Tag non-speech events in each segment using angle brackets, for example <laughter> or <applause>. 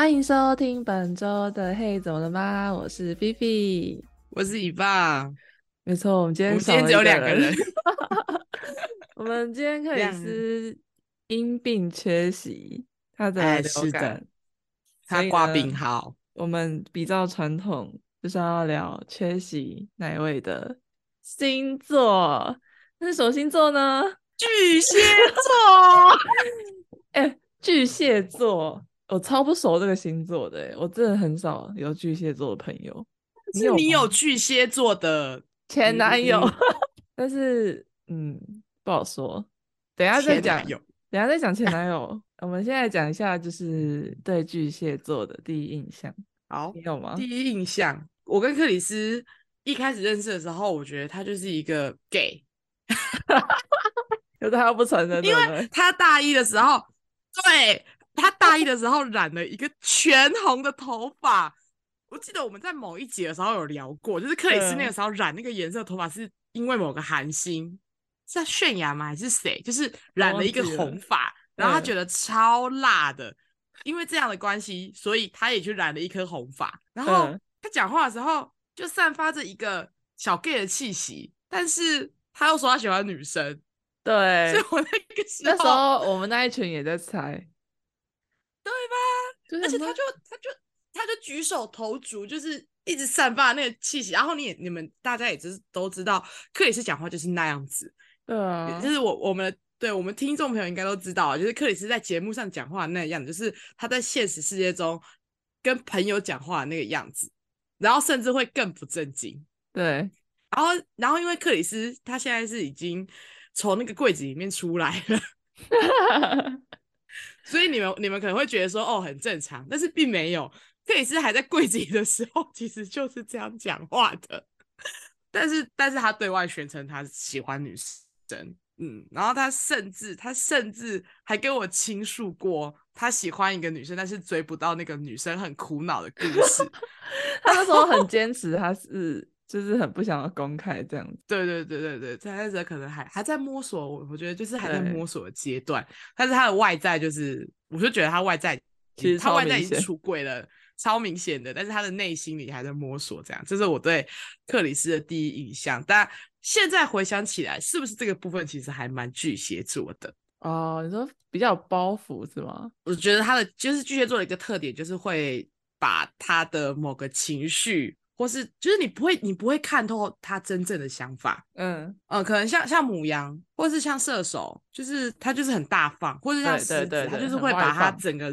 歡迎收聽本周的《嘿，怎麼了嗎？》我是菲菲，我是你爸。沒錯，我們，今天我們今天只有兩個人。 <laughs> <laughs> 我們今天克里斯因病缺席，他在流感，他掛病號。我們比較傳統，就是要聊缺席哪一位的星座。那什麼星座呢？巨蟹座。哎，巨蟹座。我超不熟這個星座的，欸，我真的很少有巨蟹座的朋友。是你有巨蟹座的前男友， <laughs> 但是嗯，不好說。等下再講，等下再講前男友。男友 <laughs> 我們現在講一下，就是對巨蟹座的第一印象。好，你有嗎？第一印象，我跟克里斯一開始認識的時候，我覺得他就是一個 gay，哈哈哈哈，可是他又不承認， <laughs> 對對，因為他大一的時候，對。他大一的時候染了一個全紅的頭髮，我記得我們在某一集的時候有聊過，就是克里斯那個時候染那個顏色的頭髮是因為某個韓星，在泫雅嗎？還是誰？就是染了一個紅髮，然後他覺得超辣的，因為這樣的關係，所以他也去染了一顆紅髮。然後他講話的時候就散發着一個小 gay 的氣息，但是他又說他喜歡女生，對。所以我那個時候，那時候我們那一群也在猜。對吧？而且他就對他就他就，他就舉手投足，就是一直散發那個氣息。然後你也你們大家也就是都知道，克里斯講話就是那樣子。對啊，就是我我們對我們聽眾朋友應該都知道，就是克里斯在節目上講話那樣，就是他在現實世界中跟朋友講話那個樣子，然後甚至會更不正經。對，然後然後因為克里斯他現在是已經從那個櫃子裡面出來了。 <laughs> 所以你們你們可能會覺得說哦，很正常，但是並沒有。克里斯還在櫃子裡的時候，其實就是這樣講話的。但是但是他對外宣稱他喜歡女生，嗯，然後他甚至他甚至還跟我傾訴過，他喜歡一個女生，但是追不到那個女生很苦惱的故事。 <laughs> 他那時候很堅持 <laughs> 他是。就是很不想要公開這樣子，對對對對對，參賽者可能還還在摸索，我我覺得就是還在摸索的階段。對但是他的外在就是，我就覺得他外在其實他外在已經出櫃了，超明顯的。但是他的內心裡還在摸索這樣，這是我對克里斯的第一印象。但現在回想起來，是不是這個部分其實還蠻巨蟹座的？哦、呃，你說比較有包袱是嗎？我覺得他的就是巨蟹座的一個特點，就是會把他的某個情緒。或是就是你不會，你不會看透他真正的想法。嗯嗯、呃，可能像像牡羊，或是像射手，就是他就是很大方，或者像獅子，對對對對，他就是會把他整個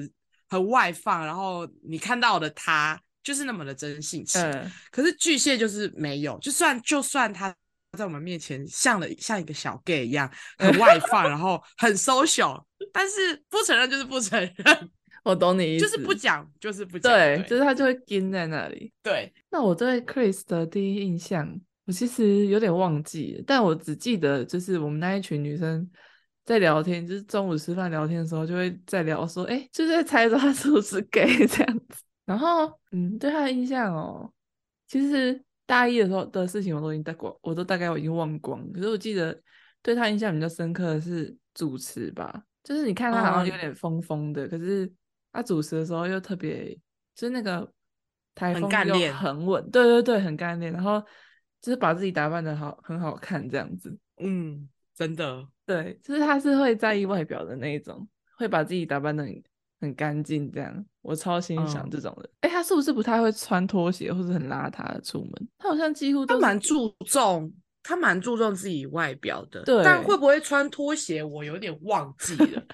很外放，外放然後你看到的他就是那麼的真性情。嗯、可是巨蟹就是沒有，就算就算他在我們面前像了像一個小 gay 一樣很外放， <laughs> 然後很 social，但是不承認就是不承認。我懂你意思就，就是不講，就是不講，對，對就是他就會跟在那裡。對，那我對 Kris 的第一印象，我其實有點忘記了，但我只記得就是我們那一群女生在聊天，就是中午吃飯聊天的時候，就會在聊說，哎、欸，就在猜他是不是 gay 這樣子。然後，嗯，對他的印象哦、喔，其實大一的時候的事情我都已經帶過，我都大概我已經忘光了。可是我記得對他印象比較深刻的是主持吧，就是你看他好像有點瘋瘋的，嗯、可是。他主持的時候又特別，就是那個台風又很穩，很幹練。對對對，很幹練。然後就是把自己打扮得好，很好看，這樣子。嗯，真的，對，就是他是會在意外表的那一種，會把自己打扮得很乾淨這樣。我超欣賞這種人。哎、嗯欸，他是不是不太會穿拖鞋，或是很邋遢的出門？他好像幾乎都他蠻注重，他蠻注重自己外表的。對，但會不會穿拖鞋，我有點忘記了。 <laughs>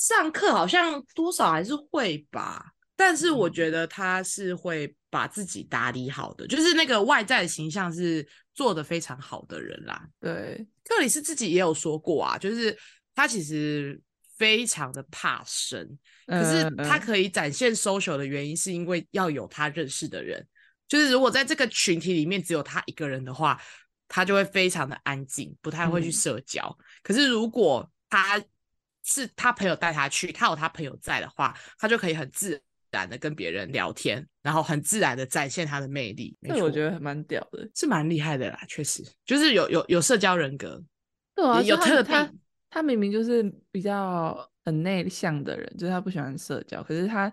上課好像多少還是會吧，但是我覺得他是會把自己打理好的，嗯、就是那個外在的形象是做得非常好的人啦。對，克里斯自己也有說過啊，就是他其實非常的怕生，嗯、可是他可以展現 social 的原因是因為要有他認識的人，就是如果在這個群體裡面只有他一個人的話，他就會非常的安靜，不太會去社交。嗯、可是如果他是他朋友帶他去，他有他朋友在的話，他就可以很自然的跟別人聊天，然後很自然的展現他的魅力。那我覺得蠻屌的，是蠻厲害的啦，確實，就是有有有社交人格，對啊，有特他，他，他明明就是比較很內向的人，就是他不喜歡社交，可是他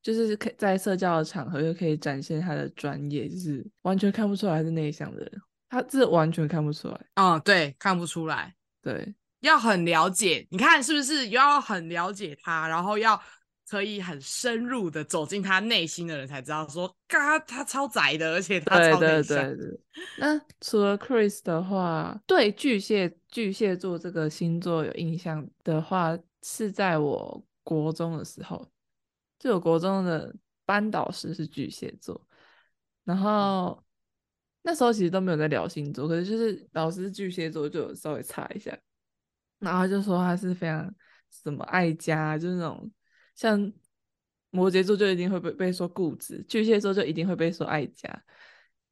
就是在社交的場合又可以展現他的專業，就是完全看不出來是內向的人。他這完全看不出來，哦，對，看不出來，對。要很了解，你看是不是要很了解他，然後要可以很深入的走進他內心的人，才知道說，嘎，他超窄的，而且他超內向。對對對,對那除了 Chris 的話，對巨蟹巨蟹座這個星座有印象的話，是在我國中的時候，就有國中的班導師是巨蟹座，然後那時候其實都沒有在聊星座，可是就是老師巨蟹座就稍微查一下。然後就說他是非常什麼愛家，就是那種像摩羯座就一定會被被說固執，巨蟹座就一定會被說愛家。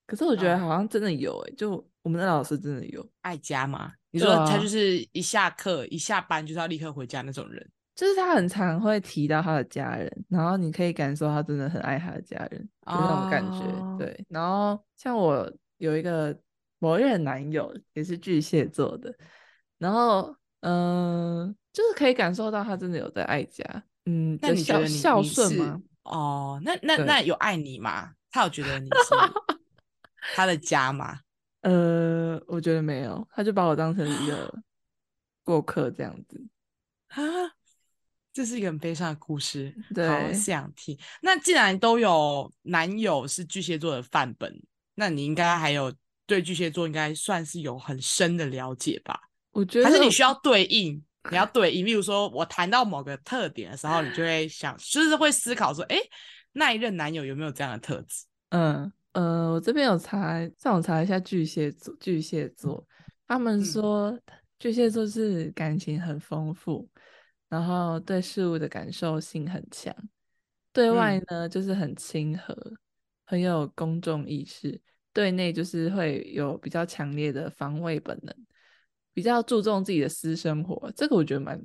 可是我覺得好像真的有誒、欸，啊、就我們的老師真的有愛家嗎？你說他、啊、就、就是一下課一下班就是要立刻回家那種人，就是他很常會提到他的家人，然後你可以感受他真的很愛他的家人，就是、那種感覺。啊、對，然後像我有一個某一任男友也是巨蟹座的，然後。嗯、呃，就是可以感受到他真的有在愛家，嗯，那你覺得孝順嗎你你？哦，那那那，對那有愛你嗎？他有覺得你是他的家嗎？呃，我覺得沒有，他就把我當成一個過客這樣子。啊，這是一個很悲傷的故事，對我想聽。那既然都有男友是巨蟹座的範本，那你應該還有對巨蟹座應該算是有很深的了解吧？我覺得還是你需要對應， <laughs> 你要對應。比如說，我談到某個特點的時候，你就會想，就是會思考說，哎，那一任男友有沒有這樣的特質？嗯嗯、呃，我這邊有查，上網查一下巨蟹座。巨蟹座，嗯、他們說、嗯、巨蟹座是感情很豐富，然後對事物的感受性很強，對外呢、嗯、就是很親和，很有公眾意識，對內就是會有比較強烈的防衛本能。比較注重自己的私生活，這個我覺得蠻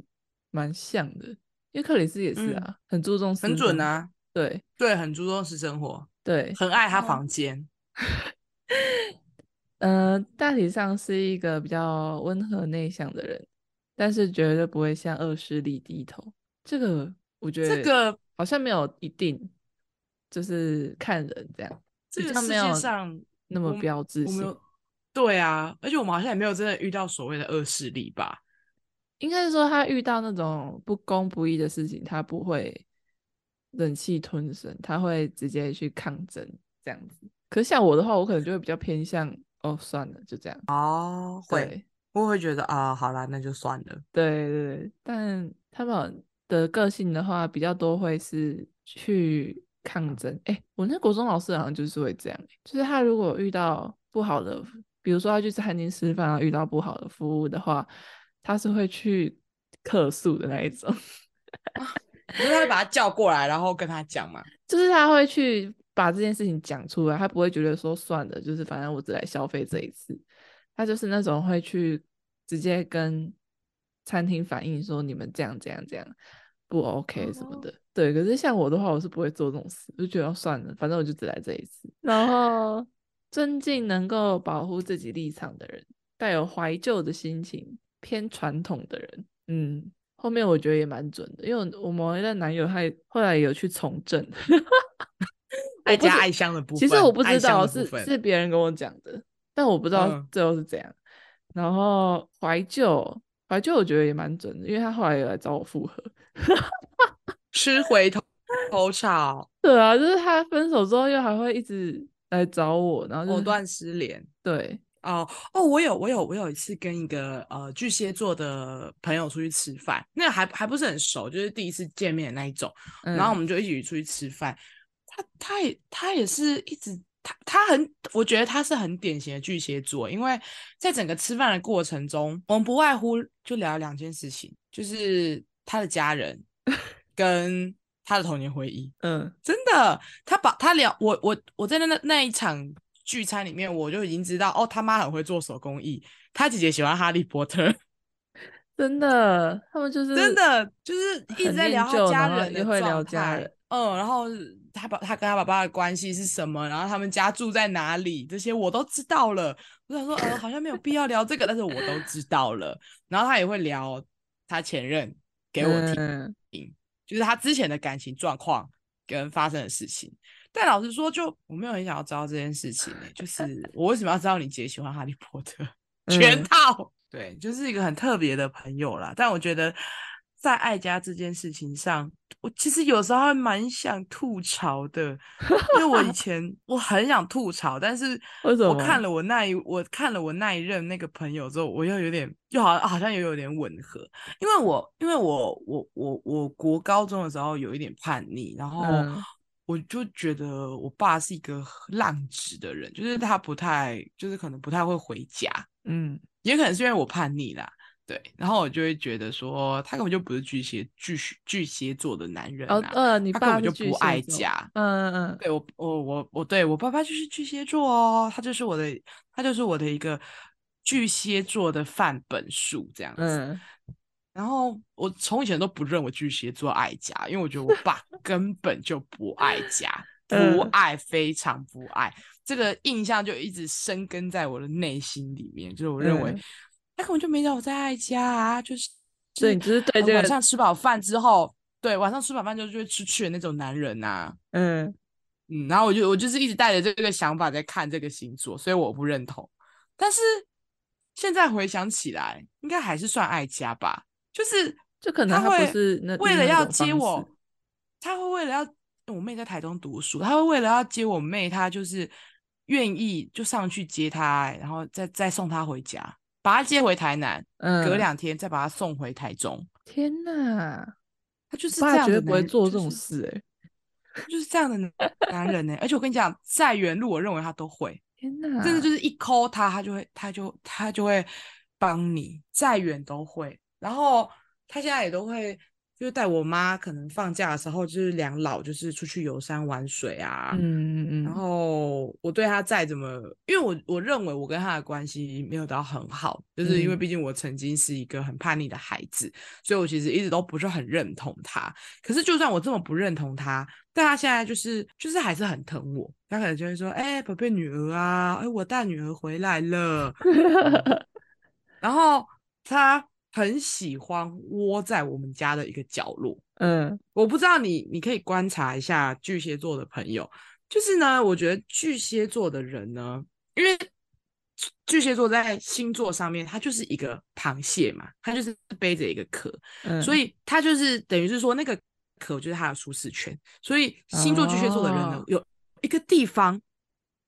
蠻像的，因為克里斯也是啊，嗯、很注重私生活，很準啊，對對，很注重私生活，對，很愛他房間。嗯、 <laughs> 呃，大體上是一個比較溫和內向的人，但是絕對不會向惡勢力低頭。這個我覺得這個好像沒有一定，就是看人這樣，這個世界上比較沒有那麼標誌性。對啊，而且我們好像也沒有真的遇到所謂的惡勢力吧？應該是說他遇到那種不公不義的事情，他不會忍氣吞聲，他會直接去抗爭這樣子。可是像我的話，我可能就會比較偏向哦，算了，就這樣哦。對會，我會覺得啊、哦，好啦，那就算了。對對，但他們的個性的話，比較多會是去抗爭。哎、嗯，我那國中老師好像就是會這樣，就是他如果遇到不好的。比如說他去餐廳吃飯，啊，遇到不好的服務的話，他是會去客訴的那一種，不 <laughs> 是、哦、他會把他叫過來，然後跟他講嘛，就是他會去把這件事情講出來，他不會覺得說算了，就是反正我只來消費這一次，他就是那種會去直接跟餐廳反映說你們這樣這樣這樣不 OK 什麼的，哦、對。可是像我的話，我是不會做這種事，就覺得算了，反正我就只來這一次，然後。尊敬能夠保護自己立場的人，帶有懷舊的心情，偏傳統的人，嗯，後面我覺得也蠻準的，因為我某一任男友他後來有去從政。愛家愛鄉的部分，其實我不知道是是別人跟我講的，但我不知道最後是怎樣。嗯、然後懷舊，懷舊我覺得也蠻準的，因為他後來又來找我複合， <laughs> 吃回頭頭草，對啊，就是他分手之後又還會一直。來找我，然後果、就是、斷失聯。對，哦、呃、哦，我有我有我有一次跟一個呃巨蟹座的朋友出去吃飯，那個、還還不是很熟，就是第一次見面的那一種，嗯、然後我們就一起出去吃飯。他他也他也是一直他他很，我覺得他是很典型的巨蟹座，因為在整個吃飯的過程中，我們不外乎就聊了兩件事情，就是他的家人跟。 <laughs> 他的童年回憶，嗯，真的，他把他聊我我我在那那一場聚餐裡面，我就已經知道哦，他媽很會做手工藝，他姐姐喜歡哈利波特，真的，他們就是真的就， <laughs> <laughs> 就是一直在聊家人，也會聊家人，嗯，然後他把他跟他爸爸的關係是什麼，然後他們家住在哪裡，這些我都知道了。我想說，呃，好像沒有必要聊這個， <laughs> 但是我都知道了。然後他也會聊他前任給我聽聽。嗯就是他之前的感情狀況跟發生的事情，但老實說，就我沒有很想要知道這件事情。欸。就是我為什麼要知道你姐喜歡哈利波特全套？嗯、對，就是一個很特別的朋友啦。但我覺得。在愛家這件事情上，我其實有時候還蠻想吐槽的，因為我以前我很想吐槽， <laughs> 但是我看了我那一我看了我那一任那個朋友之後，我又有點就好像好像又有點吻合，因為我因為我我我我國高中的時候有一點叛逆，然後我就覺得我爸是一個浪子的人，就是他不太就是可能不太會回家，嗯，也可能是因為我叛逆啦。對，然後我就會覺得說，他根本就不是巨蟹巨蟹巨蟹座的男人啊！你爸爸就不愛家。嗯嗯嗯，對，我我我我，對我爸爸就是巨蟹座哦，他就是我的，他就是我的一個巨蟹座的範本數這樣子。Uh, 然後我從以前都不認為巨蟹座愛家，因為我覺得我爸根本就不愛家， <laughs> uh, 不愛，非常不愛。這個印象就一直深根在我的內心裡面，就是我認為。Uh, 他根本就沒讓我在愛家啊，就是，對，你、就、只是對、這個、晚上吃飽飯之後，對晚上吃飽飯就就會出去的那種男人吶、啊，嗯嗯，然後我就我就是一直帶着這個想法在看這個星座，所以我不認同。但是現在回想起來，應該還是算愛家吧，就是，就可能他，他會為了要接我，他會為了要我妹在台中讀書，他會為了要接我妹，他就是願意就上去接她，然後再再送她回家。把他接回台南，嗯、隔兩天再把他送回台中。天吶哪，他就是這樣的人，不會做這種事哎、欸，就是，就是這樣的男人呢、欸， <laughs> 而且我跟你講，再遠路我認為他都會。天吶哪，真的就是一 call 他，他就會，他就他就會幫你，再遠都會。然後他現在也都會。就帶我媽，可能放假的時候就是兩老，就是出去遊山玩水啊。嗯嗯然後我對她再怎麼，因為我我認為我跟她的關係沒有到很好，就是因為畢竟我曾經是一個很叛逆的孩子，嗯、所以我其實一直都不是很認同她。可是就算我這麼不認同她，但她現在就是就是還是很疼我。她可能就會說：“哎、欸，寶貝女兒啊，哎、欸，我大女兒回來了。 <laughs> 嗯”然後她。很喜歡窩在我們家的一個角落。嗯，我不知道你，你可以觀察一下巨蟹座的朋友。就是呢，我覺得巨蟹座的人呢，因為巨蟹座在星座上面，他就是一個螃蟹嘛，他就是背着一個殼，嗯，所以他就是等於是說那個殼就是他的舒適圈。所以星座巨蟹座的人呢，哦，有一個地方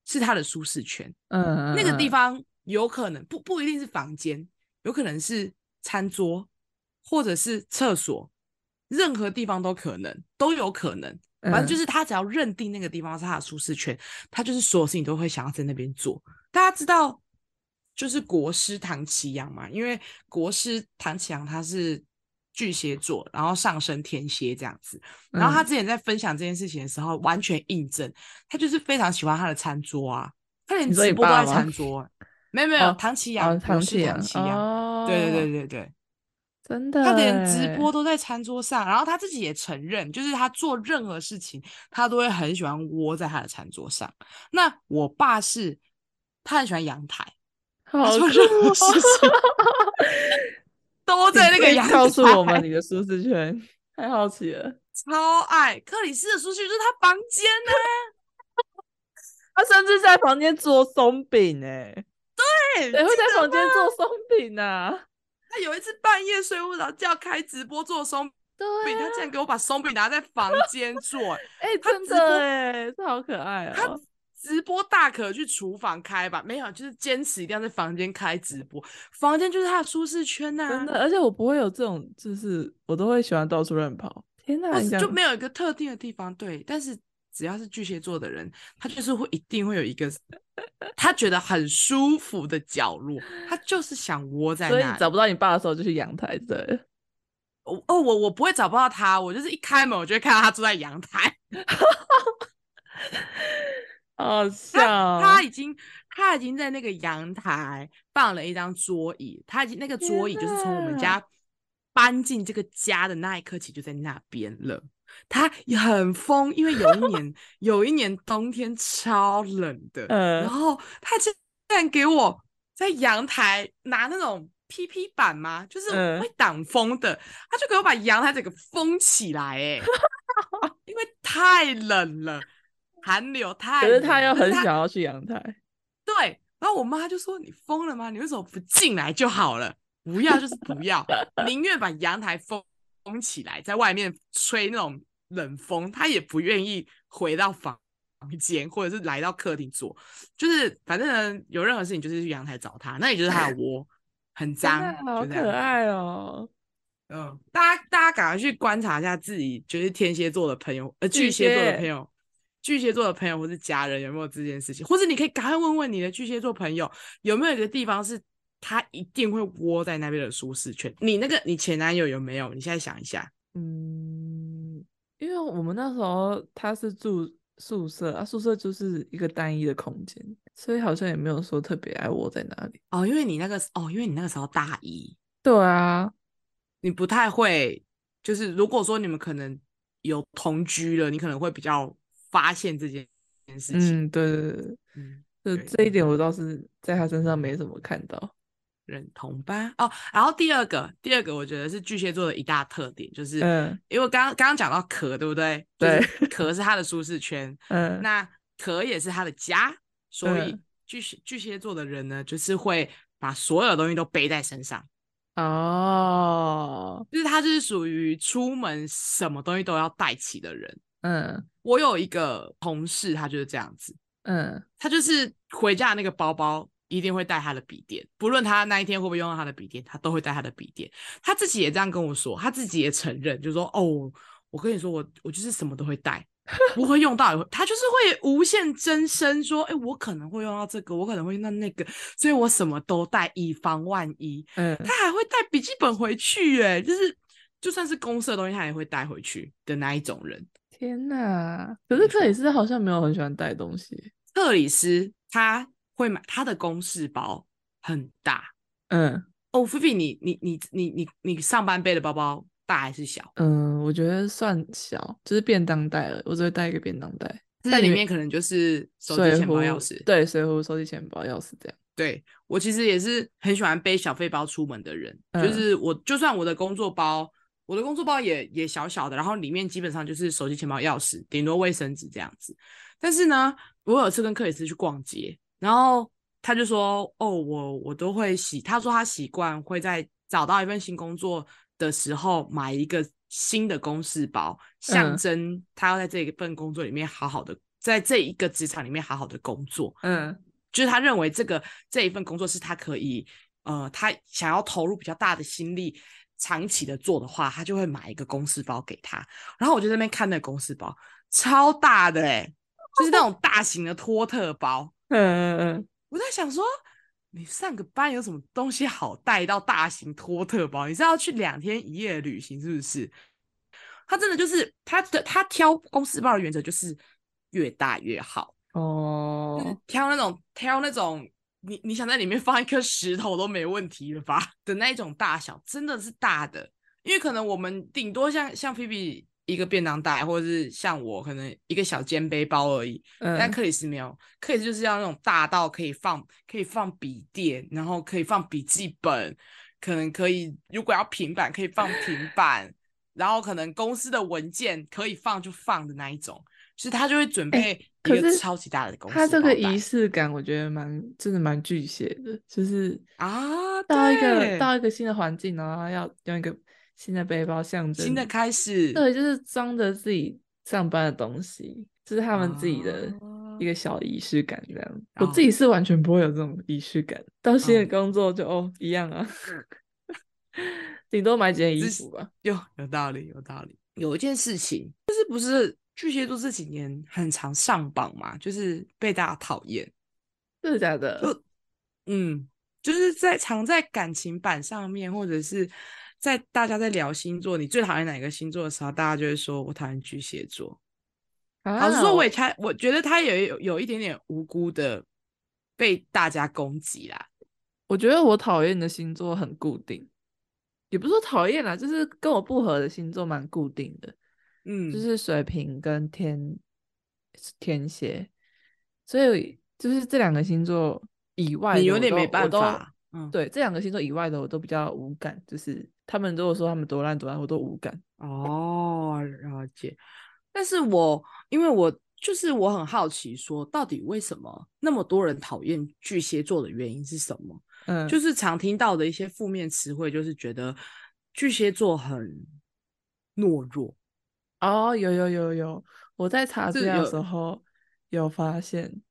是他的舒適圈。嗯，那個地方有可能不不一定是房間，有可能是。餐桌，或者是廁所，任何地方都可能，都有可能。反正就是他只要認定那個地方是他的舒適圈，他就是所有事情都會想要在那邊做。大家知道，就是國師唐綺陽嘛，因為國師唐綺陽他是巨蟹座，然後上升天蠍這樣子。然後他之前在分享這件事情的時候，完全印證，他就是非常喜歡他的餐桌啊，他連直播都在餐桌啊。沒有沒有，哦、唐綺陽、哦，唐綺陽，綺陽。哦對對對對對，真的，他連直播都在餐桌上，然後他自己也承認，就是他做任何事情，他都會很喜歡窩在他的餐桌上。那我爸是，他很喜歡陽台，好哦、做任何 <laughs> 都在那個陽台。你告訴我們你的舒適圈，太好奇了，超愛克里斯的舒適圈就是他房間呢、欸， <laughs> 他甚至在房間做鬆餅哎、欸。對、也、欸、會在房間做鬆餅呢。他有一次半夜睡不着覺，開直播做鬆餅，對啊、他竟然給我把鬆餅拿在房間做，哎、 <laughs> 欸，真的哎，他這好可愛啊、喔！他直播大可去廚房開吧，沒有，就是堅持一定要在房間開直播，房間就是他的舒適圈吶、啊。真的，而且我不會有這種，就是我都會喜歡到處亂跑。天哪，想就沒有一個特定的地方對，但是。只要是巨蟹座的人，他就是會一定會有一個他覺得很舒服的角落，他就是想窩在那裡。所以找不到你爸的時候，就去陽台，對。哦，我我不會找不到他，我就是一開門，我就會看到他坐在陽台。哦， <laughs> <laughs> 哈，好笑。他已經，他已經，在那個陽台放了一張桌椅，他已經那個桌椅就是從我們家搬進這個家的那一刻起就在那邊了。他很瘋，因為有一年 <laughs> 有一年冬天超冷的，嗯、然後他竟然給我在陽台拿那種 PP 板嘛，就是會擋風的，他、嗯、就給我把陽台整個封起來、欸 <laughs> 啊，因為太冷了，寒流太，可是他又很想要去陽台，對，然後我媽就說：“你瘋了嗎？你為什麼不進來就好了？不要就是不要， <laughs> 寧願把陽台封。”封起來，在外面吹那種冷風，他也不願意回到房間，或者是來到客廳坐，就是反正呢有任何事情，就是去陽台找他，那也就是他的窩，對很髒，好可愛哦。嗯，大家大家趕快去觀察一下自己，就是天蠍座的朋友，蟹呃，巨蟹座的朋友，巨蟹座的朋友或是家人，有沒有這件事情？或者你可以趕快問問你的巨蟹座朋友，有沒有一個地方是。他一定會窩在那邊的舒適圈。你那個，你前男友有沒有？你現在想一下，嗯，因為我們那時候他是住宿舍啊，宿舍就是一個單一的空間，所以好像也沒有說特別愛窩在那裡哦。因為你那個哦，因為你那個時候大一，對啊，你不太會，就是如果說你們可能有同居了，你可能會比較發現這件事情。嗯，對對對嗯，就這一點我倒是在他身上沒什麼看到。認同吧，哦，然後第二個，第二個，我覺得是巨蟹座的一大特點，就是因為剛、嗯、剛剛講到殼，對不對？對，就是殼是他的舒適圈，嗯，那殼也是他的家，所以巨蟹巨蟹座的人呢，就是會把所有東西都背在身上，哦，就是他是屬於出門什麼東西都要帶齊的人，嗯，我有一個同事，他就是這樣子，嗯，他就是回家的那個包包一定會帶他的筆電，不論他那一天會不會用到他的筆電，他都會帶他的筆電。他自己也這樣跟我說，他自己也承認，就是說：“哦，我跟你說，我我就是什麼都會帶，不會用到， <laughs> 他就是會無限增生，說，哎，我可能會用到這個，我可能會用到那個，所以我什麼都帶以防萬一。”嗯，他還會帶筆記本回去，哎，就是就算是公司的東西，他也會帶回去的那一種人。天哪！可是克里斯好像沒有很喜歡帶東西。克里斯他。會買他的公事包很大，嗯，哦，菲菲，你你你你你你上班背的包包大還是小？嗯，我覺得算小，就是便當袋了。我只會帶一個便當袋，在裡面可能就是手機、錢包、鑰匙。對，所以我手機、錢包、鑰匙這樣。對，我其實也是很喜歡背小背包出門的人，嗯、就是我就算我的工作包，我的工作包也也小小的，然後裡面基本上就是手機、錢包、鑰匙，頂多衛生紙這樣子。但是呢，我有次跟克里斯去逛街。然後他就說：“哦，我我都會習，他說他習慣會在找到一份新工作的時候買一個新的公事包，嗯、象徵他要在這一份工作裡面好好的，在這一個職場裡面好好的工作。嗯，就是他認為這個這一份工作是他可以，呃，他想要投入比較大的心力，長期的做的話，他就會買一個公事包給他。然後我就在那邊看那個公事包，超大的誒、欸，就是那種大型的托特包。哦”嗯，嗯嗯， <noise> 我在想說，你上個班有什麼東西好帶到大型托特包？你是要去兩天一夜旅行是不是？他真的就是他的，他挑公事包的原則就是越大越好哦，oh. 挑那種挑那種，你你想在裡面放一顆石頭都沒問題了吧的那一種大小，真的是大的，因為可能我們頂多像像皮皮。一個便當袋，或者是像我可能一個小肩背包而已。嗯、但克里斯沒有，克里斯就是要那種大到可以放、可以放筆電，然後可以放筆記本，可能可以如果要平板可以放平板， <laughs> 然後可能公司的文件可以放就放的那一種。所以他就會準備一個超級大的公司。欸、他這個儀式感，我覺得蠻真的蠻巨蟹的，就是啊，到一個、啊、對、到一個、到一個新的環境呢，然後要用一個新的背包象徵新的開始，對、嗯，就是裝着自己上班的東西，這、就是他們自己的一個小儀式感這樣、哦、我自己是完全不會有這種儀式感，到新的工作就哦、哦一樣啊。 <laughs> 頂多買幾件衣服吧，有有道理，有道理。有一件事情，就是不是巨蟹座這幾年很常上榜嘛，就是被大家討厭，真的假的？嗯，就是在常在感情板上面，或者是。在大家在聊星座，你最討厭哪個星座的時候，大家就會說：“我討厭巨蟹座啊”老實說，我也猜我覺得他也有有有一點點無辜的被大家攻擊啦。我覺得我討厭的星座很固定，也不是說討厭啦，就是跟我不合的星座蠻固定的。嗯，就是水瓶跟天天蠍，所以就是這兩個星座以外，你有點沒辦法。嗯，對，這兩個星座以外的我都比較無感，就是他們如果說他們多爛多爛，我都無感。哦，了解。但是我因為我就是我很好奇說，說到底為什麼那麼多人討厭巨蟹座的原因是什麼？嗯，就是常聽到的一些負面詞彙，就是覺得巨蟹座很懦弱。哦，有有有有，我在查資料的時候有發現。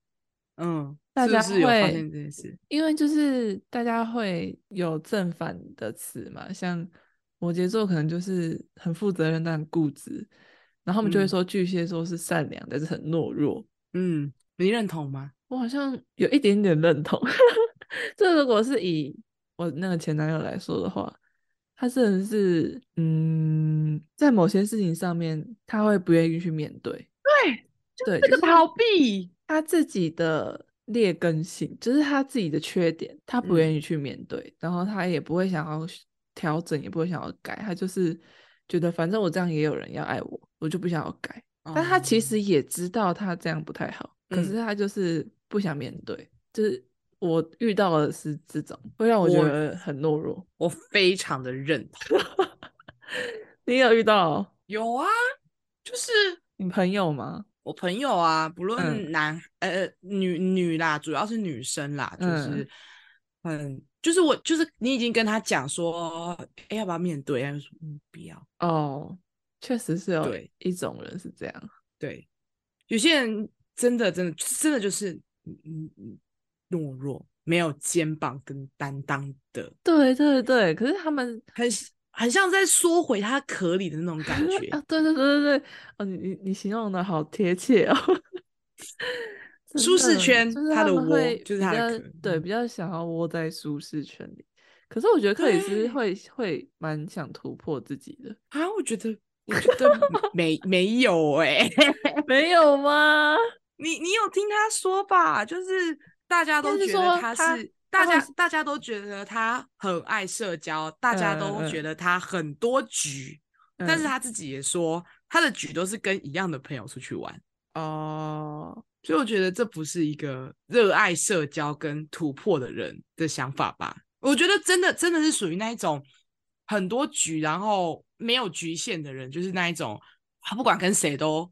嗯，大家會是不是有發現這件事，因為就是大家會有正反的詞嘛，像摩羯座可能就是很負責任但很固執，然後我們就會說巨蟹座是善良、嗯、但是很懦弱。嗯，你認同嗎？我好像有一點點認同。這 <laughs> 如果是以我那個前男友來說的話，他真的是嗯，在某些事情上面他會不願意去面對，對，對，就是這個逃避。他自己的劣根性，就是他自己的缺點，他不願意去面對，嗯、然後他也不會想要調整，也不會想要改，他就是覺得反正我這樣也有人要愛我，我就不想要改。嗯、但他其實也知道他這樣不太好，可是他就是不想面對。嗯、就是我遇到的是這種，我會讓我覺得很懦弱，我非常的認同。 <laughs> 你有遇到？有啊，就是你朋友嗎？我朋友啊，不論男、嗯、呃女女啦，主要是女生啦，就是很、嗯嗯、就是我就是你已經跟他講說，哎，要不要面對、啊？他說嗯，不要哦，確實是有對一種人是這樣，對，對，有些人真的真的真的就是懦弱，沒有肩膀跟擔當的，對對對，可是他們很。很像在縮回它殼裡的那種感覺 <laughs> 啊！對對對對對，哦，你你你形容的好貼切哦， <laughs> 的舒適圈，他它的窩，就是它的殼，對，比較想要窩在舒適圈裡。嗯、可是我覺得克里斯會對會蠻想突破自己的啊！我覺得我覺得沒 <laughs> 沒有哎、欸，沒有嗎？你你有聽他說吧？就是大家都覺得他是。大家、oh, 大家都覺得他很愛社交，uh, 大家都覺得他很多局，uh, 但是他自己也說、uh, 他的局都是跟一樣的朋友出去玩哦，uh, 所以我覺得這不是一個熱愛社交跟突破的人的想法吧？我覺得真的真的是屬於那一種很多局，然後沒有局限的人，就是那一種，他不管跟誰都。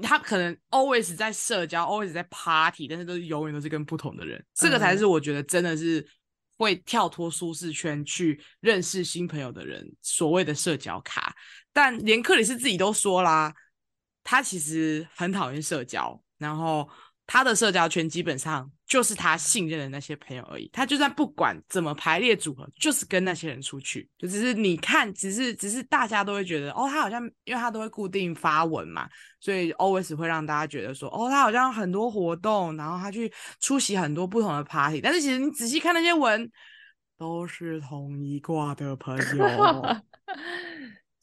他可能 always 在社交，always 在 party，但是都是永遠都是跟不同的人。這個才是我覺得真的是會跳脫舒適圈去認識新朋友的人，所謂的社交卡。但連克里斯自己都說啦，他其實很討厭社交，然後。他的社交圈基本上就是他信任的那些朋友而已。他就算不管怎麼排列組合，就是跟那些人出去，就只是你看，只是只是大家都會覺得，哦，他好像，因為他都會固定發文嘛，所以 always 會讓大家覺得說，哦，他好像很多活動，然後他去出席很多不同的 party。但是其實你仔細看那些文，都是同一掛的朋友。 <laughs>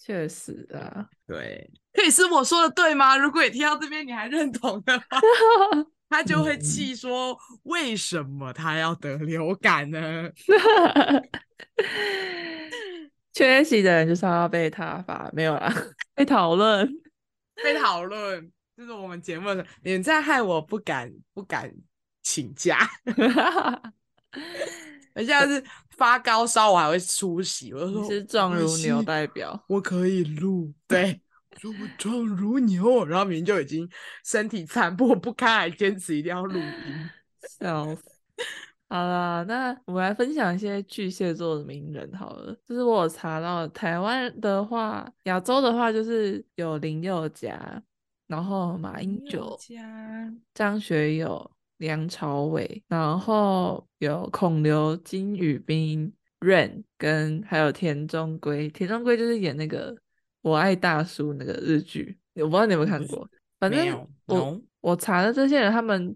確實的、啊，對，可以是我說的對嗎？如果你聽到這邊，你還認同的話， <laughs> 他就會氣說為什麼他要得流感呢？ <laughs> 缺席的人就是要被他罰，沒有啦，被討論，被討論，就是我們節目的，你們在害我不敢不敢請假，而且他 <laughs> 是…… <laughs> 發高燒我還會出席，我就說壯如牛代表，我可以錄對，說壯如牛， <laughs> 然後明明就已經身體殘破不堪，還堅持一定要錄音，笑死。 <laughs> 好了，那我們來分享一些巨蟹座的名人好了，就是我查到台灣的話，亞洲的話就是有林宥嘉，然後馬英九，加張學友。梁朝偉，然後有孔劉、金宇彬、Rain 跟，還有田中圭。田中圭就是演那個《我愛大叔》那個日劇，我不知道你有沒有看過。反正我我，我查了這些人，他們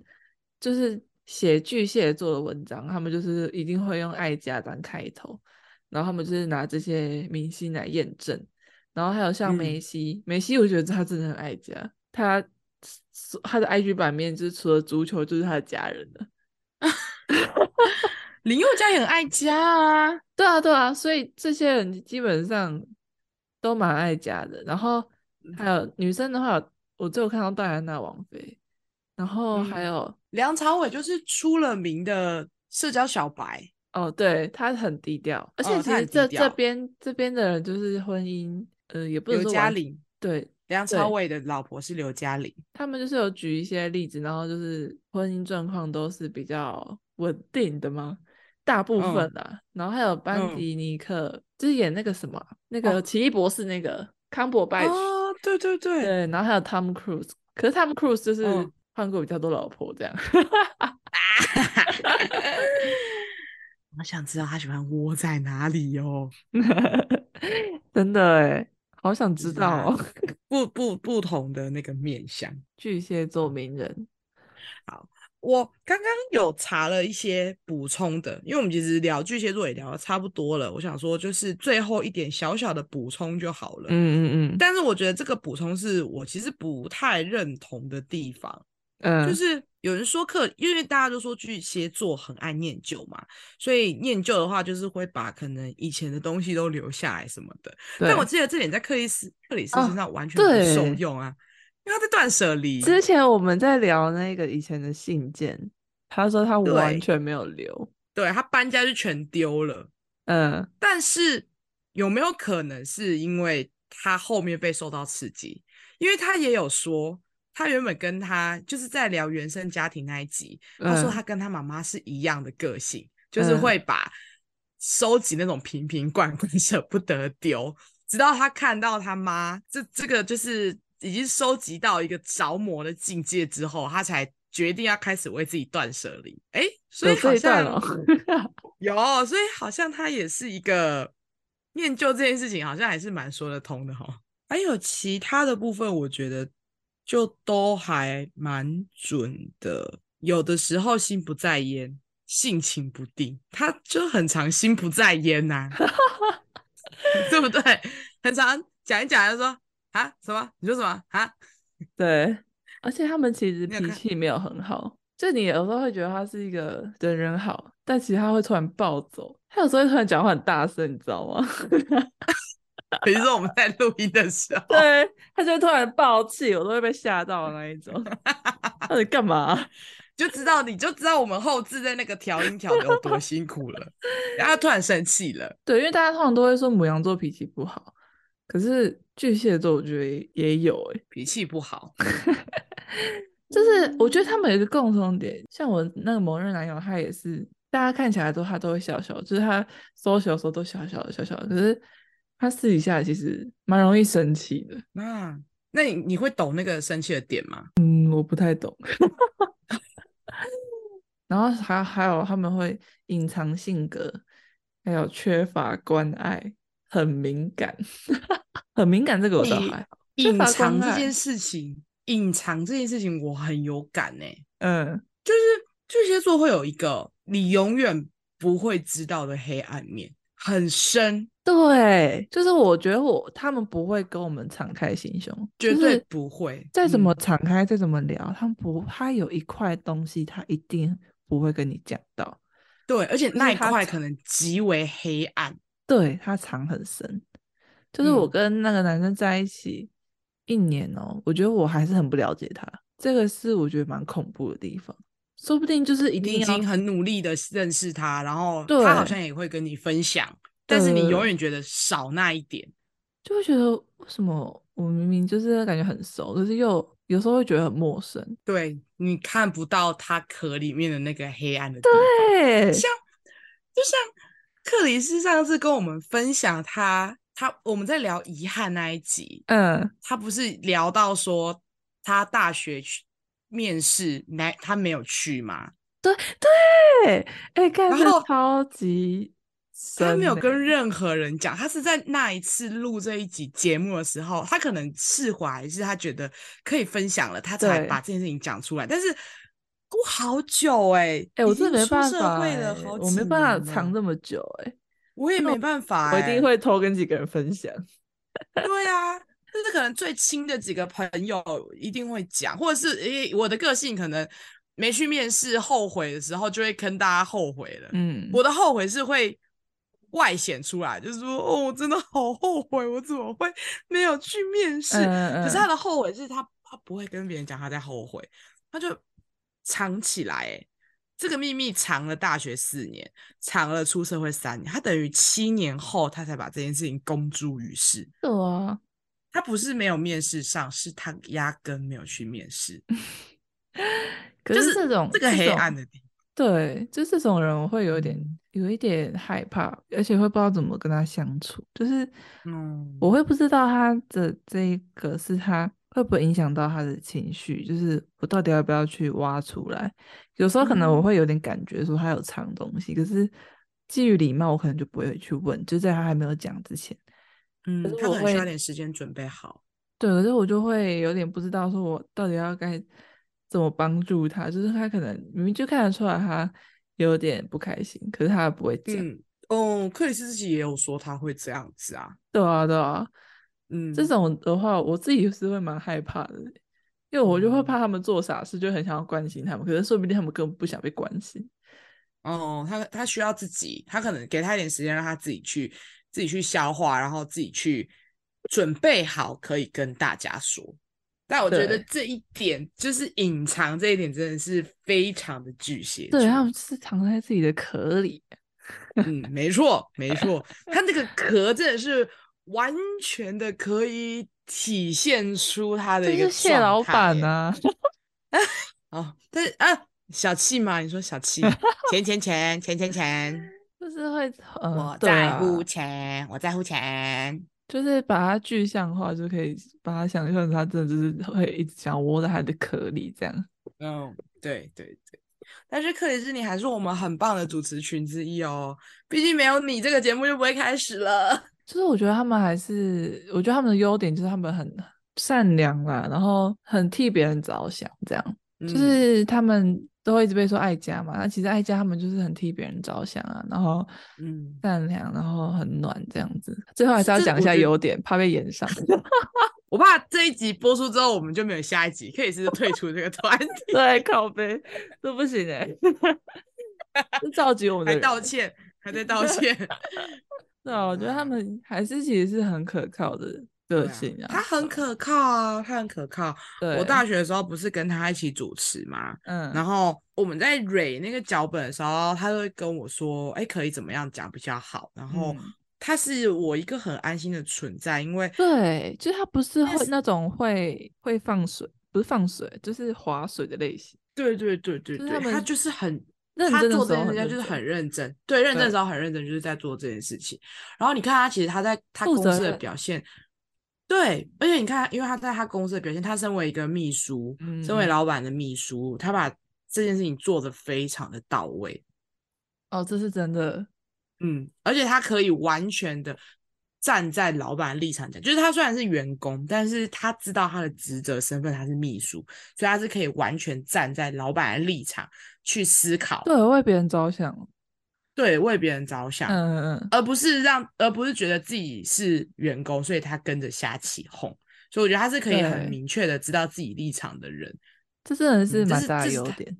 就是寫巨蟹座的文章，他們就是一定會用愛家當開頭，然後他們就是拿這些明星來驗證，然後還有像梅西，嗯、梅西我覺得他真的很愛家，他。他的 IG 版面，就是除了足球就是他的家人的 <laughs> 林宥嘉也很愛家啊， <laughs> 對啊對啊，所以這些人基本上都蠻愛家的。然後還有女生的話，我只有看到戴安娜王妃，然後還有、嗯、梁朝偉就是出了名的社交小白哦，對，他很低調，而且其實這、哦、這邊這邊的人就是婚姻，呃，也不能說家裡，對。梁朝偉的老婆是劉嘉玲，他們就是有舉一些例子，然後就是婚姻狀況都是比較穩定的嘛，大部分的、啊，嗯、然後還有班迪尼克，嗯、就是演那個什麼，那個奇異博士那個、哦、康博拜，啊、哦，對對對，對，然後還有 Tom Cruise，可是 Tom Cruise 就是換過比較多老婆，這樣。嗯、 <laughs> <laughs> 我想知道他喜歡窩在哪裡哦， <laughs> 真的哎。好想知道，哦啊，不不不同的那個面向，巨蟹座名人。好，我剛剛有查了一些補充的，因為我們其實聊巨蟹座也聊得差不多了。我想說，就是最後一點小小的補充就好了。嗯嗯嗯。但是我覺得這個補充是我其實不太認同的地方。嗯，就是有人說克，因為大家都說巨蟹座很愛念舊嘛，所以念舊的話就是會把可能以前的東西都留下來什麼的。對但我記得這點在克里斯克里斯身上完全不受用啊，啊因為他在斷舍離之前我們在聊那個以前的信件，他說他完全沒有留，對，對他搬家就全丟了。嗯，但是有沒有可能是因為他後面被受到刺激？因為他也有說。他原本跟他就是在聊原生家庭那一集，嗯、他說他跟他媽媽是一樣的個性，嗯、就是會把收集那種瓶瓶罐罐捨不得丟，直到他看到他媽這這個就是已經收集到一個着魔的境界之後，他才決定要開始為自己斷捨離。哎、欸，所以好像有、哦、 <laughs> 有，所以好像他也是一個念舊這件事情，好像還是蠻說得通的哈、哦。還有其他的部分，我覺得。就都還蠻準的，有的時候心不在焉，性情不定，他就很常心不在焉吶、啊，對不、 <laughs> <laughs> 嗯、對？很常講一講就說啊什麼？你說什麼啊？對，而且他們其實脾氣沒有很好，你就你有時候會覺得他是一個人人好，但其實他會突然暴走，他有時候會突然講話很大聲，你知道嗎？ <laughs> 比如說我們在錄音的時候，對，他就突然爆氣，我都會被嚇到的那一種。他你 <laughs> 幹嘛、啊？就知道你就知道我們後置在那個調音調的有多辛苦了。 <laughs> 然後他突然生氣了，對，因為大家通常都會說牡羊座脾氣不好，可是巨蟹座我覺得也有誒，脾氣不好。 <laughs> 就是我覺得他們有一個共同點，像我那個某日男友，他也是大家看起來都他都會笑笑，就是他說笑的時候都笑笑的，笑笑的。可是。他私底下，其實蠻容易生氣的。那、啊、那你你會懂那個生氣的點嗎？嗯，我不太懂。 <laughs> 然後還還有他們會隱藏性格，還有缺乏關愛，很敏感， <laughs> 很敏感。這個我倒還好。隱藏，藏這件事情，隱藏這件事情，我很有感呢、欸。嗯，就是巨蟹座會有一個你永遠不會知道的黑暗面，很深。對，就是我覺得我他們不會跟我們敞開心胸，絕對不會。再怎麼敞開，再、嗯、怎麼聊，他不怕有一塊東西，他一定不會跟你講到。對，而且那一塊可能極為黑暗。對，他藏很深。就是我跟那個男生在一起、嗯、一年哦，我覺得我還是很不了解他。這個是我覺得蠻恐怖的地方。說不定就是一定已經很努力的認識他，然後他好像也會跟你分享。但是你永遠覺得少那一點，呃，就會覺得為什麼我明明就是感覺很熟，可是又有時候會覺得很陌生。對，你看不到他殼裡面的那個黑暗的地方。對，像就像克里斯上次跟我們分享他他我們在聊遺憾那一集，嗯，他不是聊到說他大學去面試沒，他沒有去嗎？對對，哎，看、欸、着超級。他沒有跟任何人講，他是在那一次錄這一集節目的時候，他可能釋懷，是他覺得可以分享了，他才把這件事情講出來。對但是過好久哎、欸，哎、欸，我真的沒辦法、欸，我沒辦法藏這麼久哎、欸，我也沒辦法、欸，我，我一定會偷跟幾個人分享。 <laughs> 對呀、啊，就是可能最親的幾個朋友一定會講，或者是、欸、我的個性可能沒去面試後悔的時候，就會跟大家後悔了。嗯，我的後悔是會外顯出來，就是說，哦，我真的好後悔，我怎麼會沒有去面試？呃、可是他的後悔是他，他不會跟別人講他在後悔，他就藏起來，這個秘密藏了大學四年，藏了出社會三年，他等於七年後他才把這件事情公諸於世。是啊我，他不是沒有面試上，是他壓根沒有去面試。 <laughs> 可是這種就是這個黑暗的。對，就這種人，我會有點有一點害怕，而且會不知道怎麼跟他相處。就是，嗯，我會不知道他的這一個是他會不會影響到他的情緒，就是我到底要不要去挖出來？有時候可能我會有點感覺說他有藏東西，嗯、可是基於禮貌，我可能就不會去問，就在他還沒有講之前，嗯，可能需要點時間準備好。對，可是我就會有點不知道，說我到底要該。怎麼幫助他？就是他可能明明就看得出來他有點不開心，可是他不會講。嗯、哦，克里斯自己也有說他會這樣子啊，對啊，對啊。嗯，這種的話，我自己是會蠻害怕的，因為我就會怕他們做傻事，嗯、就很想要關心他們，可是說不定他們根本不想被關心。哦，他他需要自己，他可能給他一點時間，讓他自己去自己去消化，然後自己去準備好可以跟大家說。但我覺得這一點對就是隱藏這一點真的是非常的巨蟹，對，他們是藏在自己的殼裡，嗯，沒錯沒錯，他 <laughs> 那個殼真的是完全的可以體現出他的一個蟹老闆吶，啊，哦，但是啊小氣嘛，你說小氣， <laughs> 錢錢錢錢錢錢，就是會，呃、我在乎錢，哦、我在乎錢。就是把它具象化，就可以把它想象成他真的就是會一直想窩在它的殼裡這樣。嗯，對對對。但是克里斯，你還是我們很棒的主持群之一哦畢竟沒有你這個節目就不會開始了。就是我覺得他們還是，我覺得他們的優點就是他們很善良啦，然後很替別人着想，這樣。就是他們都會一直被說愛家嘛，那其實愛家他們就是很替別人着想啊，然後嗯善良，嗯、然後很暖這樣子。最後還是要講一下優點，怕被炎上。我怕這一集播出之後，我們就沒有下一集，可以是，是退出這個團體。 <laughs> 對，靠背都不行哎、欸，是 <laughs> 召集我們還道歉，還在道歉。 <laughs> 對啊，我覺得他們還是其實是很可靠的。對，他很可靠啊，他很可靠。對，我大學的時候不是跟他一起主持嘛，嗯，然後我們在蕊那個腳本的時候，他就會跟我說：“哎，可以怎麼樣講比較好？”然後他是我一個很安心的存在，因為對，就是他不是會那種會會放水，不是放水，就是划水的類型。對對對對，他就是很認真的人家就是很認真，對，認真的時候很認真，就是在做這件事情。然後你看他，其實他在他公司的表現。對，而且你看，因為他在他公司的表現，他身為一個秘書，嗯、身為老闆的秘書，他把這件事情做得非常的到位。哦，這是真的。嗯，而且他可以完全的站在老闆的立場講，就是他雖然是員工，但是他知道他的職責身份，他是秘書，所以他是可以完全站在老闆的立場去思考，對，為別人着想。對，為別人着想，嗯嗯，而不是讓，而不是覺得自己是員工，所以他跟着瞎起哄。所以我覺得他是可以很明確的知道自己立場的人，這真的是蠻大的優點，嗯、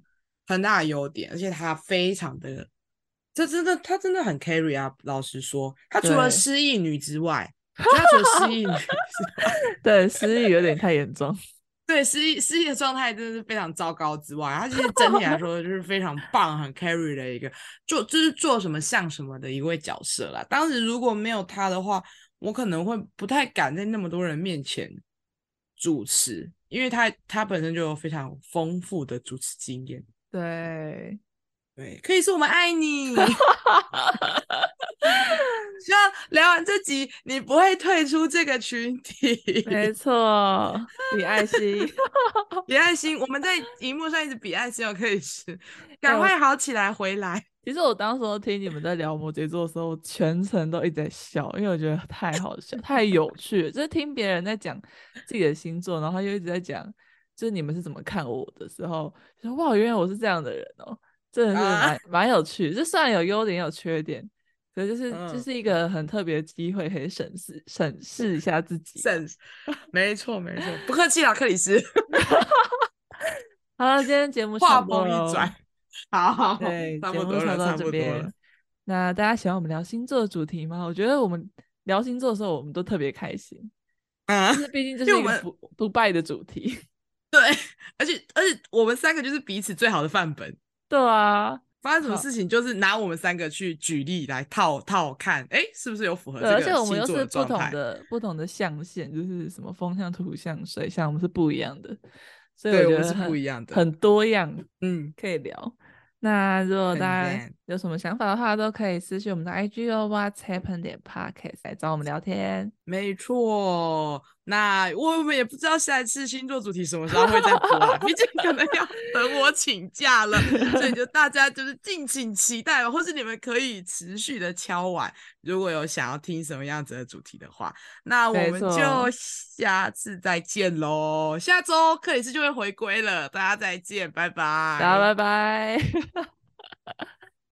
很大的優點。而且他非常的，這真的，他真的很 carry 啊！老實說，他除了失憶女之外，對他除了失憶女之外， <laughs> 吧對，失憶有點太嚴重。 <laughs> 對，失憶失憶的狀態真的是非常糟糕之外，他其實整體來說就是非常棒，很 carry 的一個做，就是做什麼像什麼的一位角色啦。當時如果沒有他的話，我可能會不太敢在那麼多人面前主持，因為他他本身就有非常豐富的主持經驗。對，對，可以說我們愛你。 <laughs> 就聊完這集，你不會退出這個群體。沒錯，比愛心， <laughs> 比愛心，我們在熒幕上一直比愛心，我可以是，哦、趕快好起來回來。其實我當時候聽你們在聊摩羯座的時候，我全程都一直在笑，因為我覺得太好笑， <laughs> 太有趣。就是聽別人在講自己的星座，然後又一直在講，就是你們是怎麼看我的時候，就說哇，原來我是這樣的人哦、喔，真的就是蠻蠻有趣的。就雖然有優點，有缺點。可就是這、就是一個很特別的機會，可以審視、嗯、審視一下自己。審沒錯沒錯，不客氣啦、啊，克里斯。 <laughs> <laughs> 好了，今天節目話鋒一轉，好好好，節對目聊到這邊，那大家喜歡我們聊星座的主題嗎？我覺得我們聊星座的時候，我們都特別開心。嗯，畢竟這是我們不不敗的主題。對，而且而且我們三個就是彼此最好的範本。對啊。發生什麼事情，就是拿我們三個去舉例來套套看，誒好、欸、是不是有符合的？而且我們又是不同的、嗯、不同的象限，就是什麼風象、土象、水象，我們是不一樣的，所以我，覺得對，我們是是不一樣的，很多樣，嗯，可以聊。嗯、那如果大家有什麼想法的話，嗯、都可以私訊我們的 IG、喔、哦，What Happened 點 Podcast 來找我們聊天。沒錯，那我們也不知道下一次星座主題什麼時候會再播，畢竟 <laughs> 可能要等我請假了，所以就大家就是敬請期待、哦、或是你們可以持續的敲碗。如果有想要聽什麼樣子的主題的話，那我們就下次再見嘍，錯下周克里斯就會回歸了，大家再見，拜拜，拜拜。 <laughs>